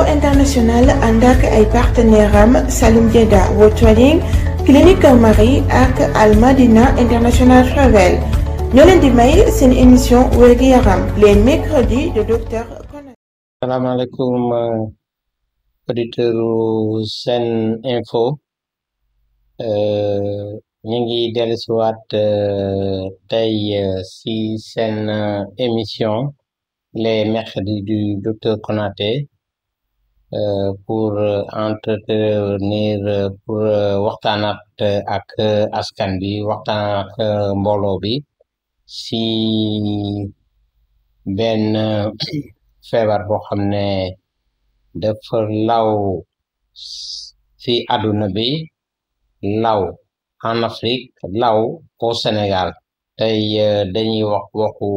Karo International ànd ak ay partenaire am Saloum Dieda World Trading Clinique Marie ak Al Madina International Travel ñoo leen di may émission wérgu yaram les mercredis de docteur Konaté. salaamaaleykum euh, auditeur Sen Info euh, ñu ngi dellusiwaat euh, si seen émission les pour entretenir pour waxtaanaat ak askan bi waxtaan ak mbooloo bi ci benn feebar boo xam ne dafa law ci àdduna bi law en Afrique law ko Sénégal tey dañuy wax waxu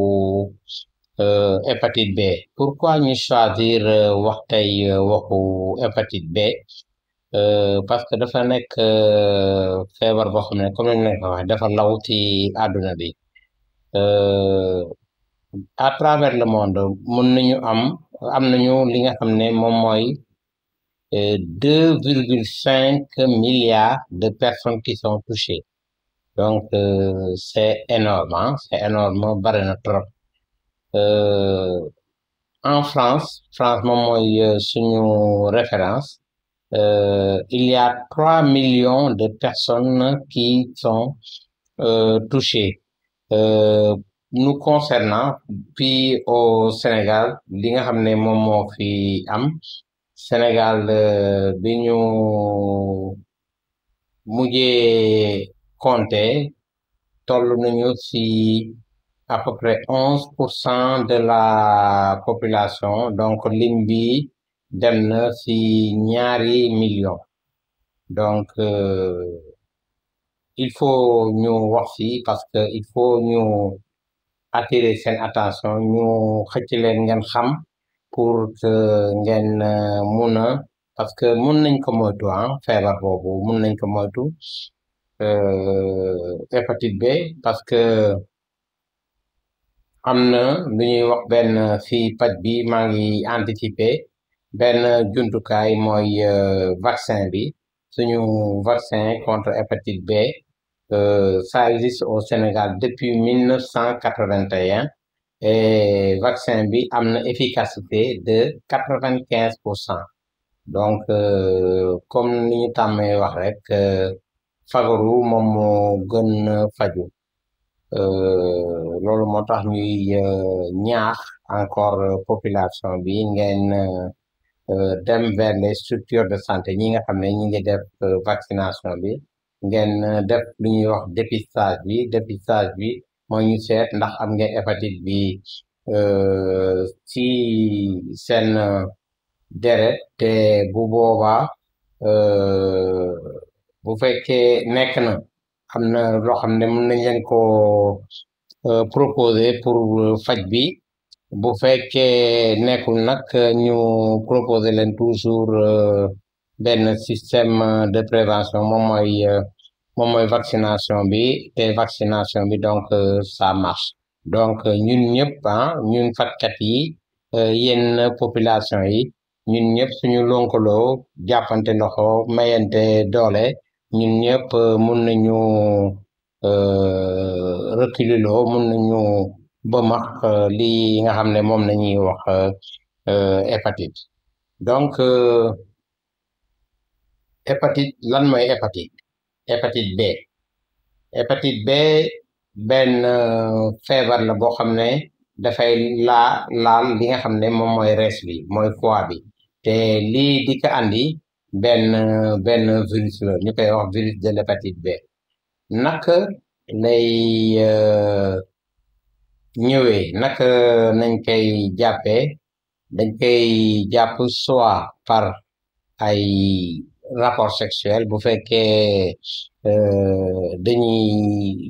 Eh, hépatite B pourquoi ñu choisir eh, wax tey eh, waxu hépatite bee parce que dafa nekk feebar boo xam ne comme ni ko waxee dafa law ci àdduna bi à travers le monde mën nañu am am nañu li nga xam ne moom mooy deux virgule cinq milliards de personnes qui son touchées donc c'est énorme hein c'est énorme bari na trop en France France moom mooy euh, suñu référence euh, il y trois millions de personnes qui sont euh, touchées nous concernant puis au Sénégal li nga xam ne moom moo fi am Sénégal bi ñu mujjee compter toll nañu à peu onze pour cent de la population donc lim bi dem na ci ñaari millions donc euh, il faut ñu wax ci parce que il faut ñu attirer seen attention ñu xëcc leen ngeen xam pour que ngeen euh, mun parce que mun nañ ko moytu ah feebar boobu mun nañ ko moytu euh, hépatite B parce que am na lu ñuy wax benn euh, fii paj bi maa ngi anticipé benn jumtukaay mooy euh, vaccin bi suñu vaccin contre hépatite B euh, ça existe au Sénégal depuis mille neuf cent quatre-vingt-un et vaccin bi am na efficacité de quatre-vingt-quinze pour cent donc comme ni ñu tàmmee wax rek fagaru moom moo gën faju Ehm, loolu moo tax ñuy eh, ñaax encore eh, population bi ngeen eh, dem vers les structures de santé ñi nga xam ne ñi ngi def vaccination bi ngeen def lu ñuy wax dépistage bi dépistage bi moo ñu seet ndax am ngeen hépatite bi ci seen deret te bu boobaa bu fekkee nekk na xam na loo xam ne mën nañ leen ko euh, proposer pour euh, faj bi bu fekkee nekkul nag ñu proposer leen toujours euh, benn système de prévention moom mooy vaccination bi te vaccination bi donc ça marche donc ñu ñëpp ah ñun fajkat yi yenn population yi ñun ñëpp suñu lonkaloo jàppante loxo mayante doole ñun ñëpp euh, mun nañu euh, reculer loo mun nañu ba max euh, li nga xam ne moom la ñuy wax hépatite donc hépatite lan mooy hépatite hépatite B hépatite B benn feebar la boo xam ne dafay laa laal li nga xam ne moom mooy rees bi mooy foie bi te lii di andi benn benn virus la ñu koy wax virus de l'hépatite B naka lay euh, ñëwee naka nañ koy jàppee dañ koy jàpp soit par ay rapport sexuel bu fekkee euh, dañuy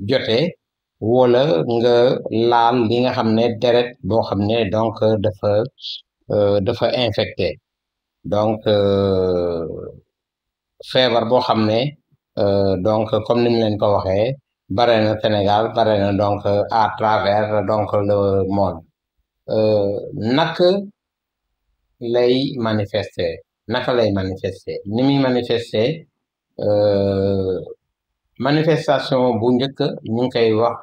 jote wala nga laal li nga xam ne deret boo xam ne donc dafa euh, dafa infecté donc euh, feebar boo xam ne euh, donc comme ni mu leen ko waxee bare na Sénégal bare na donc à travers donc le monde euh, naka lay manifester naka lay manifester ni muy manifester manifestation bu njëkk ñu ngi koy wax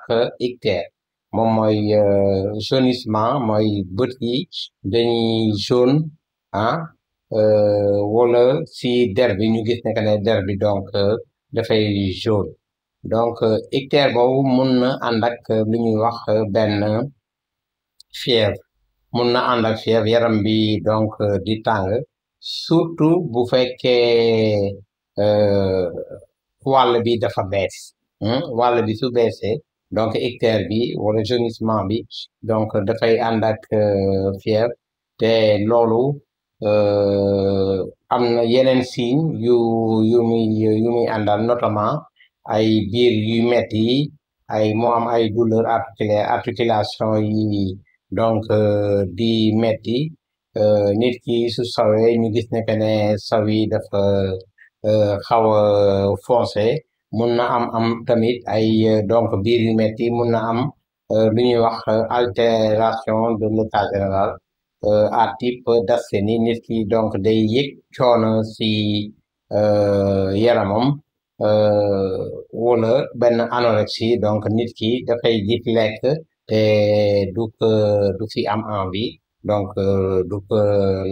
ictère moom mooy jaunissement mooy bët yi dañuy jaune ah Euh, wala si der bi ñu gis ne que ne bi donc euh, dafay jaune donc ictère euh, boobu mun na ànd ak li ñuy wax benn fièvre mun na ànd ak fièvre yaram bi donc di tàng surtout bu fekkee wàll bi dafa bees hmm? wàll bi su beesee donc ictère bi wala jaunissement bi donc dafay ànd ak fièvre te loolu am na yeneen signe yu yu muy yu muy àndal notamment ay biir yuy metti ay moo am ay douleur articulation yi donc euh, di metti euh, nit ki su sawee ñu gis ne que ne saw yi dafa euh, xaw a foncé mun na am am tamit ay donc biir yu metti mun na am lu ñuy wax altération de l'état général Euh, à type d'asthénie nit ki donc day yëg si euh, yaramam euh, wala benn anorexie donc nit ki dafay gis lekk te du ko du fi am envie donc du ko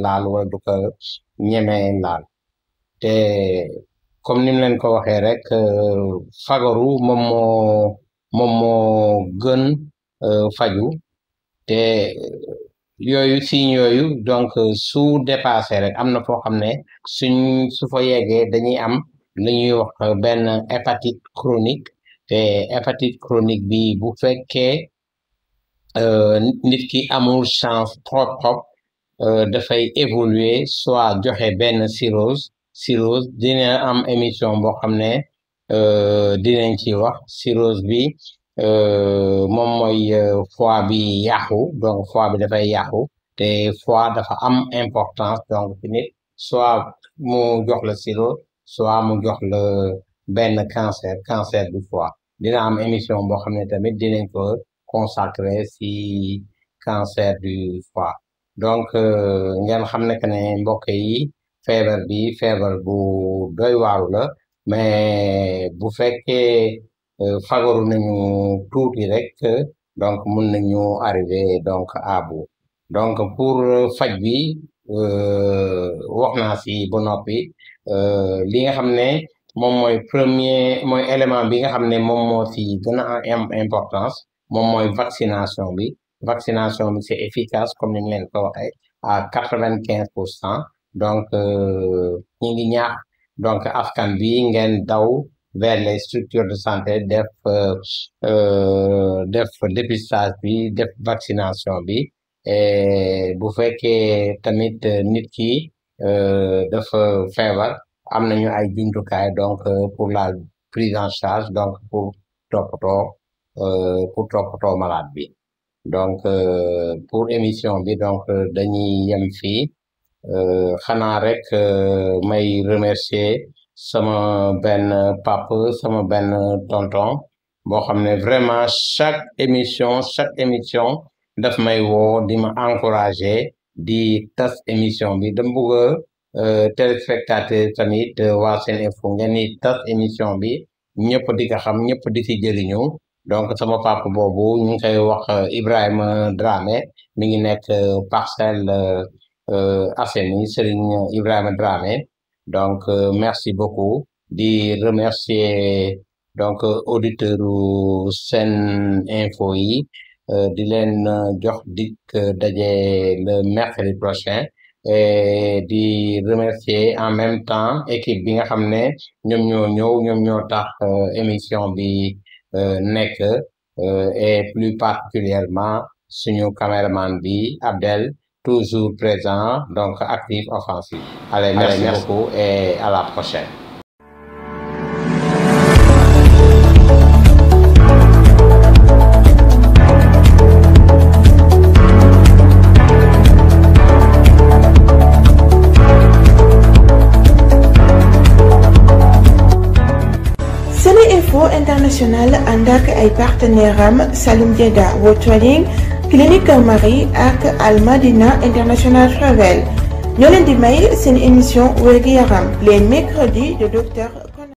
laal wala du ko laal te comme ni mu ko waxee rek fagaru moom moo moom moo gën yooyu signe yooyu donc su dépassé rek am na foo xam ne suñ su fa yeggee dañuy am lu wax benn hépatite chronique te hépatite chronique bi bu fekkee euh, nit ki amul chance trop trop euh, dafay évoluer soit joxe benn cirrhose cirrhose dina am émission boo xam ne euh, dinañ ci wax cirrhose bi Euh, moom mooy euh, foie bi yaxu donc foie bi dafay yàqu te foie dafa am importance donc ci nit soit mu jox la silo soit mu jox la benn cancer cancer du foie dina am émission boo xam ne tamit dinañ ko consacré si cancer du foie donc euh, ngeen xam ne que ne mbokk yi feebar bi feebar bu doy waaru la mais bu fekkee fagaru nañu bi rek donc mun nañu arrivé donc à donc pour euh, faj bi euh, wax naa si ba noppi euh, li nga xam ne moom mooy premier mooy élément bi nga xam ne moom moo si gën importance moom mooy vaccination bi vaccination bi c'est efficace comme ni ñu leen ko waxee à quatre-vingt-quinze pour cent donc ñi ngi donc askan bi ngeen daw vers les structures de santé def euh, euh, def dépistage bi def vaccination bi e bu fekkee tamit nit ki euh, def feebar am nañu ay jumtukaay donc pour la prise en charge donc pour toppatoo pour toppatoo malade bi donc pour émission bi donc dañuy yem fii xanaa rek may remercier sama benn pap sama benn tonton boo xam ne vraiment chaque émission chaque émission daf may woo di ma encourager di tas émission bi dama bëgg a euh, téléspectateur tamit euh, waa SeneInfo ngeen di tas émission bi ñëpp di ko xam ñëpp di ci jëriñu donc sama pap boobu ñu ngi koy wax euh, Ibrahima Dramé mi ngi nekk Parcelles Assainies Serigne Ibrahima Dramé donc euh, merci beaucoup di remercier donc euh, auditeurs u seen info yi euh, di leen jox dik daje le mercredi prochain et di remercier en même temps équipe bi nga xam ne ñoom ñoo ñëw ñoom tax émission bi nekk et plus particulièrement suñu caméraman bi Abdel toujours présent, donc actif, offensif. Allez, merci, merci beaucoup et à la prochaine. Sénéinfo International ànd ak ay partenaire am Salim Dieda World Trading clinique Marie ak Al Madina International Travel ñoo leen di may seen émission wér gu les mercredis de docteur